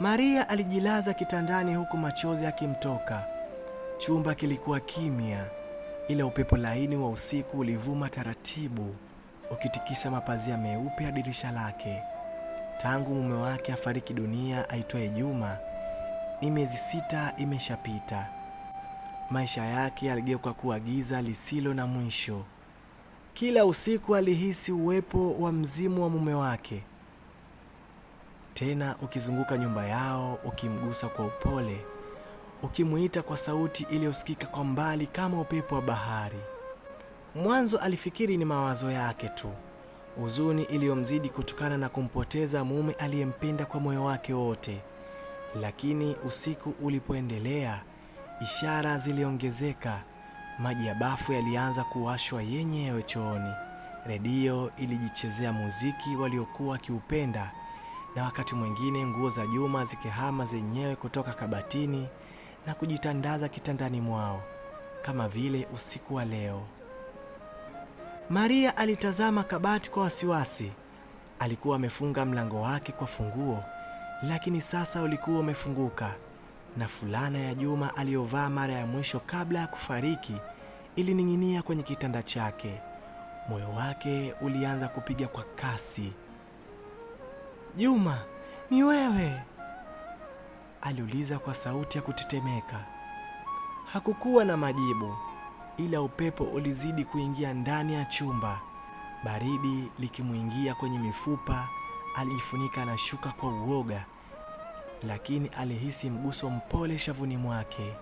Maria alijilaza kitandani huku machozi yakimtoka. Chumba kilikuwa kimya, ila upepo laini wa usiku ulivuma taratibu ukitikisa mapazia meupe ya dirisha lake. Tangu mume wake afariki dunia aitwaye Juma, ni miezi sita imeshapita. Maisha yake yaligeuka kuwa giza lisilo na mwisho. Kila usiku alihisi uwepo wa mzimu wa mume wake tena ukizunguka nyumba yao, ukimgusa kwa upole, ukimwita kwa sauti iliyosikika kwa mbali kama upepo wa bahari. Mwanzo alifikiri ni mawazo yake tu, huzuni iliyomzidi kutokana na kumpoteza mume aliyempenda kwa moyo wake wote. Lakini usiku ulipoendelea, ishara ziliongezeka. Maji ya bafu yalianza kuwashwa yenyewe chooni, redio ilijichezea muziki waliokuwa wakiupenda, na wakati mwingine nguo za Juma zikihama zenyewe kutoka kabatini na kujitandaza kitandani mwao kama vile usiku wa leo. Maria alitazama kabati kwa wasiwasi. Alikuwa amefunga mlango wake kwa funguo, lakini sasa ulikuwa umefunguka na fulana ya Juma aliyovaa mara ya mwisho kabla ya kufariki ilining'inia kwenye kitanda chake. Moyo wake ulianza kupiga kwa kasi. Juma, ni wewe? aliuliza kwa sauti ya kutetemeka. Hakukuwa na majibu, ila upepo ulizidi kuingia ndani ya chumba, baridi likimwingia kwenye mifupa. alijifunika na shuka kwa uoga, lakini alihisi mguso mpole shavuni mwake,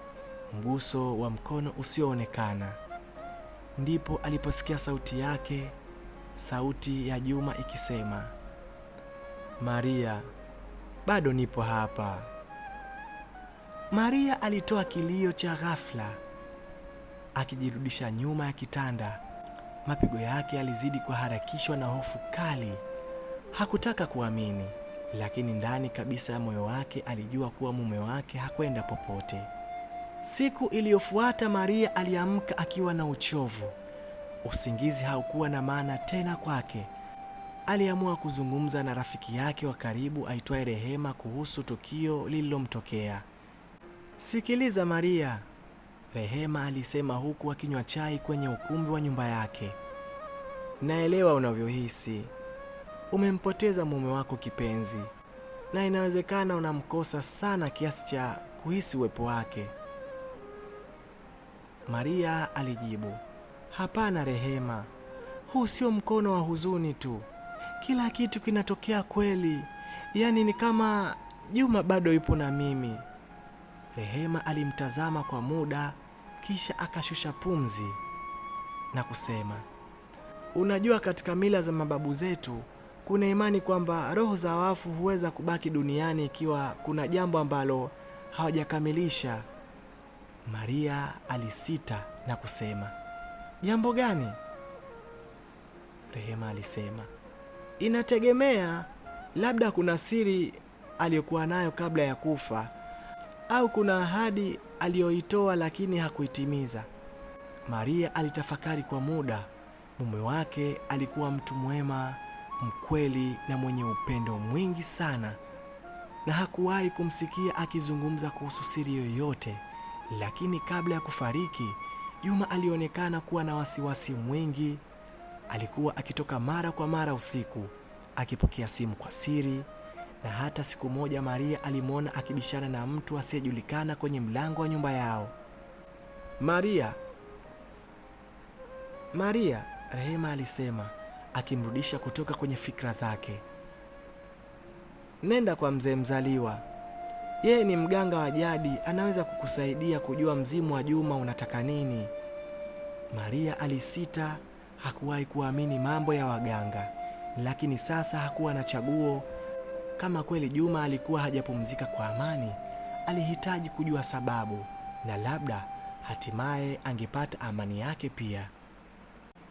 mguso wa mkono usioonekana. Ndipo aliposikia sauti yake, sauti ya Juma ikisema Maria, bado nipo hapa. Maria alitoa kilio cha ghafla akijirudisha nyuma ya kitanda. Mapigo yake yalizidi kuharakishwa na hofu kali. Hakutaka kuamini, lakini ndani kabisa ya moyo wake alijua kuwa mume wake hakwenda popote. Siku iliyofuata Maria aliamka akiwa na uchovu. Usingizi haukuwa na maana tena kwake aliamua kuzungumza na rafiki yake wa karibu aitwaye Rehema kuhusu tukio lililomtokea. Sikiliza Maria, Rehema alisema huku akinywa chai kwenye ukumbi wa nyumba yake. Naelewa unavyohisi. Umempoteza mume wako kipenzi, na inawezekana unamkosa sana kiasi cha kuhisi uwepo wake. Maria alijibu, hapana Rehema, huu sio mkono wa huzuni tu, kila kitu kinatokea kweli, yaani ni kama Juma bado yupo na mimi. Rehema alimtazama kwa muda, kisha akashusha pumzi na kusema, unajua, katika mila za mababu zetu kuna imani kwamba roho za wafu huweza kubaki duniani ikiwa kuna jambo ambalo hawajakamilisha. Maria alisita na kusema, jambo gani? Rehema alisema Inategemea, labda kuna siri aliyokuwa nayo kabla ya kufa au kuna ahadi aliyoitoa lakini hakuitimiza. Maria alitafakari kwa muda. Mume wake alikuwa mtu mwema, mkweli na mwenye upendo mwingi sana, na hakuwahi kumsikia akizungumza kuhusu siri yoyote. Lakini kabla ya kufariki, Juma alionekana kuwa na wasiwasi mwingi Alikuwa akitoka mara kwa mara usiku akipokea simu kwa siri, na hata siku moja Maria alimwona akibishana na mtu asiyejulikana kwenye mlango wa nyumba yao. Maria, Maria, Rehema alisema akimrudisha kutoka kwenye fikra zake. Nenda kwa mzee Mzaliwa, yeye ni mganga wa jadi, anaweza kukusaidia kujua mzimu wa Juma unataka nini. Maria alisita hakuwahi kuamini mambo ya waganga, lakini sasa hakuwa na chaguo. Kama kweli Juma alikuwa hajapumzika kwa amani, alihitaji kujua sababu, na labda hatimaye angepata amani yake pia.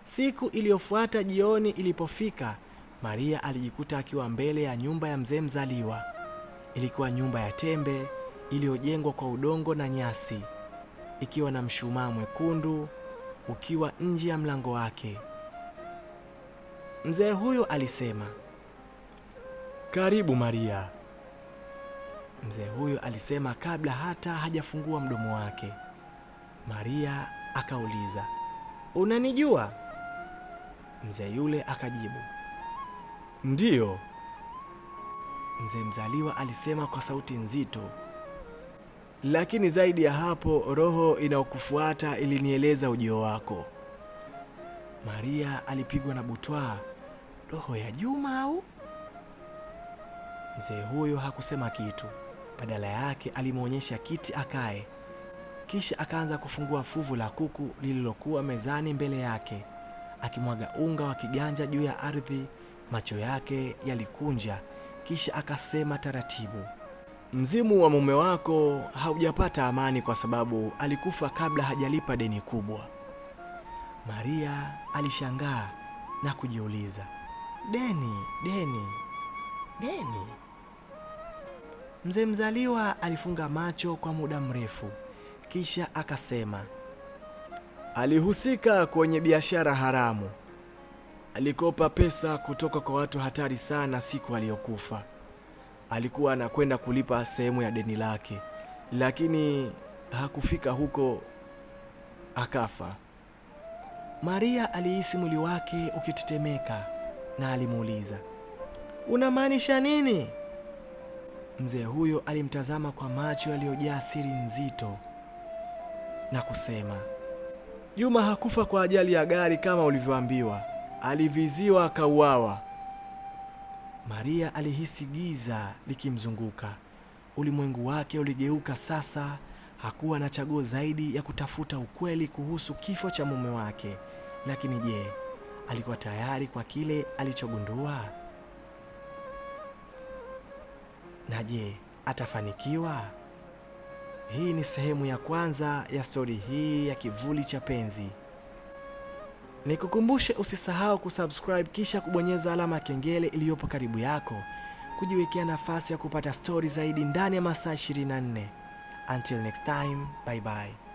Siku iliyofuata jioni ilipofika, Maria alijikuta akiwa mbele ya nyumba ya mzee mzaliwa. Ilikuwa nyumba ya tembe iliyojengwa kwa udongo na nyasi, ikiwa na mshumaa mwekundu ukiwa nje ya mlango wake. Mzee huyo alisema, karibu Maria. Mzee huyo alisema kabla hata hajafungua mdomo wake. Maria akauliza, unanijua? Mzee yule akajibu, ndiyo. Mzee mzaliwa alisema kwa sauti nzito lakini zaidi ya hapo, roho inayokufuata ilinieleza ujio wako. Maria alipigwa na butwaa. Roho ya Juma au? Mzee huyo hakusema kitu, badala yake alimwonyesha kiti akae, kisha akaanza kufungua fuvu la kuku lililokuwa mezani mbele yake, akimwaga unga wa kiganja juu ya ardhi. Macho yake yalikunja, kisha akasema taratibu Mzimu wa mume wako haujapata amani kwa sababu alikufa kabla hajalipa deni kubwa. Maria alishangaa na kujiuliza, deni deni deni? Mzee mzaliwa alifunga macho kwa muda mrefu, kisha akasema, alihusika kwenye biashara haramu, alikopa pesa kutoka kwa watu hatari sana siku aliyokufa alikuwa anakwenda kulipa sehemu ya deni lake, lakini hakufika huko, akafa. Maria alihisi mwili wake ukitetemeka na alimuuliza, unamaanisha nini? Mzee huyo alimtazama kwa macho yaliyojaa siri nzito na kusema, Juma hakufa kwa ajali ya gari kama ulivyoambiwa, aliviziwa akauawa. Maria alihisi giza likimzunguka. Ulimwengu wake uligeuka sasa. Hakuwa na chaguo zaidi ya kutafuta ukweli kuhusu kifo cha mume wake. Lakini je, alikuwa tayari kwa kile alichogundua? Na je, atafanikiwa? Hii ni sehemu ya kwanza ya stori hii ya Kivuli cha Penzi. Nikukumbushe usisahau kusubscribe kisha kubonyeza alama ya kengele iliyopo karibu yako, kujiwekea nafasi ya kupata stori zaidi ndani ya masaa 24. Until next time, bye bye.